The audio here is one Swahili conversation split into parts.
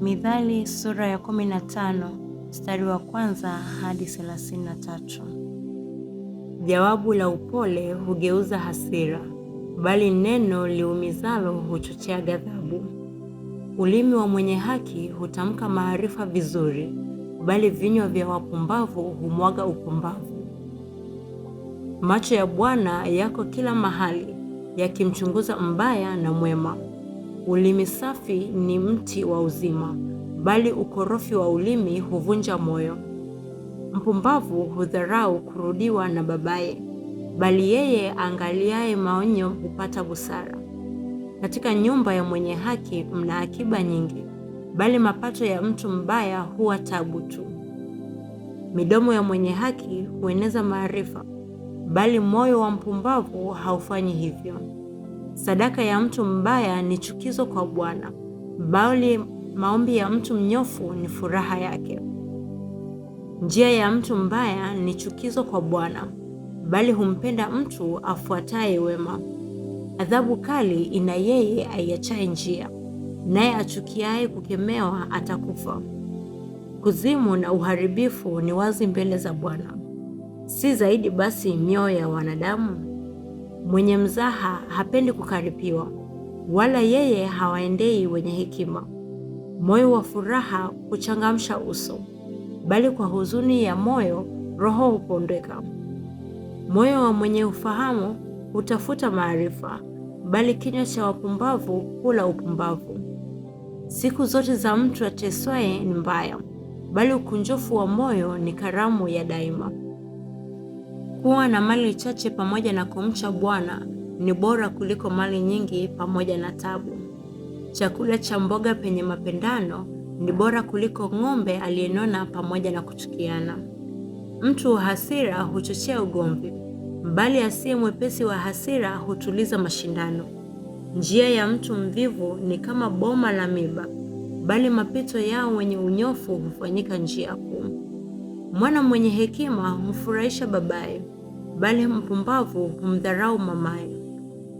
Mithali sura ya 15 mstari wa kwanza hadi 33. Jawabu la upole hugeuza hasira, bali neno liumizalo huchochea ghadhabu. Ulimi wa mwenye haki hutamka maarifa vizuri, bali vinywa vya wapumbavu humwaga upumbavu. Macho ya Bwana yako kila mahali, yakimchunguza mbaya na mwema Ulimi safi ni mti wa uzima, bali ukorofi wa ulimi huvunja moyo. Mpumbavu hudharau kurudiwa na babaye, bali yeye angaliaye maonyo hupata busara. Katika nyumba ya mwenye haki mna akiba nyingi, bali mapato ya mtu mbaya huwa tabu tu. Midomo ya mwenye haki hueneza maarifa, bali moyo wa mpumbavu haufanyi hivyo. Sadaka ya mtu mbaya ni chukizo kwa Bwana, bali maombi ya mtu mnyofu ni furaha yake. Njia ya mtu mbaya ni chukizo kwa Bwana, bali humpenda mtu afuataye wema. Adhabu kali ina yeye aiachaye njia, naye achukiaye kukemewa atakufa. Kuzimu na uharibifu ni wazi mbele za Bwana. Si zaidi basi mioyo ya wanadamu? Mwenye mzaha hapendi kukaripiwa, wala yeye hawaendei wenye hekima. Moyo wa furaha huchangamsha uso, bali kwa huzuni ya moyo roho hupondeka. Moyo wa mwenye ufahamu hutafuta maarifa, bali kinywa cha wapumbavu hula upumbavu. Siku zote za mtu ateswaye ni mbaya, bali ukunjofu wa moyo ni karamu ya daima. Kuwa na mali chache pamoja na kumcha Bwana ni bora kuliko mali nyingi pamoja na tabu. Chakula cha mboga penye mapendano ni bora kuliko ng'ombe aliyenona pamoja na kuchukiana. Mtu wa hasira huchochea ugomvi, bali asiye mwepesi wa hasira hutuliza mashindano. Njia ya mtu mvivu ni kama boma la miba, bali mapito yao wenye unyofu hufanyika njia kuu. Mwana mwenye hekima humfurahisha babaye bali mpumbavu humdharau mamaye.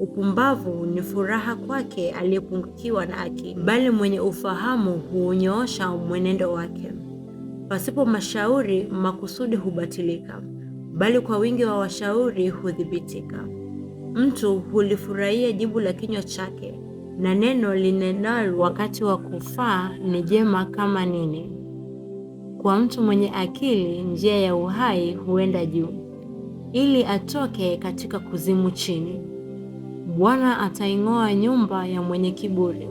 Upumbavu ni furaha kwake aliyepungukiwa na akili, bali mwenye ufahamu huunyoosha mwenendo wake. Pasipo mashauri, makusudi hubatilika, bali kwa wingi wa washauri hudhibitika. Mtu hulifurahia jibu la kinywa chake, na neno linenalo wakati wa kufaa ni jema kama nini. Kwa mtu mwenye akili, njia ya uhai huenda juu ili atoke katika kuzimu chini. Bwana ataing'oa nyumba ya mwenye kiburi,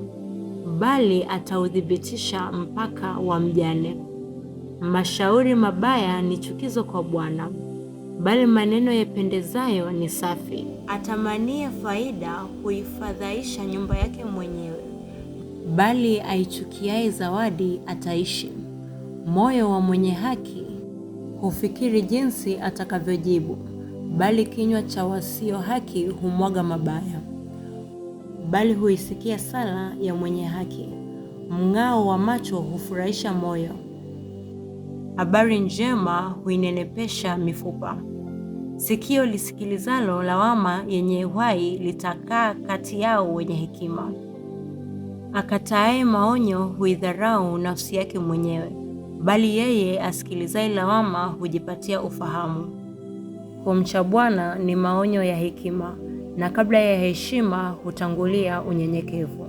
bali atauthibitisha mpaka wa mjane. Mashauri mabaya ni chukizo kwa Bwana, bali maneno yapendezayo ni safi. Atamanie faida huifadhaisha nyumba yake mwenyewe, bali aichukiaye zawadi ataishi. Moyo wa mwenye haki hufikiri jinsi atakavyojibu bali kinywa cha wasio haki humwaga mabaya, bali huisikia sala ya mwenye haki. Mng'ao wa macho hufurahisha moyo, habari njema huinenepesha mifupa. Sikio lisikilizalo lawama yenye uhai litakaa kati yao wenye hekima. Akataaye maonyo huidharau nafsi yake mwenyewe, bali yeye asikilizaye lawama hujipatia ufahamu. Kumcha Bwana ni maonyo ya hekima, na kabla ya heshima hutangulia unyenyekevu.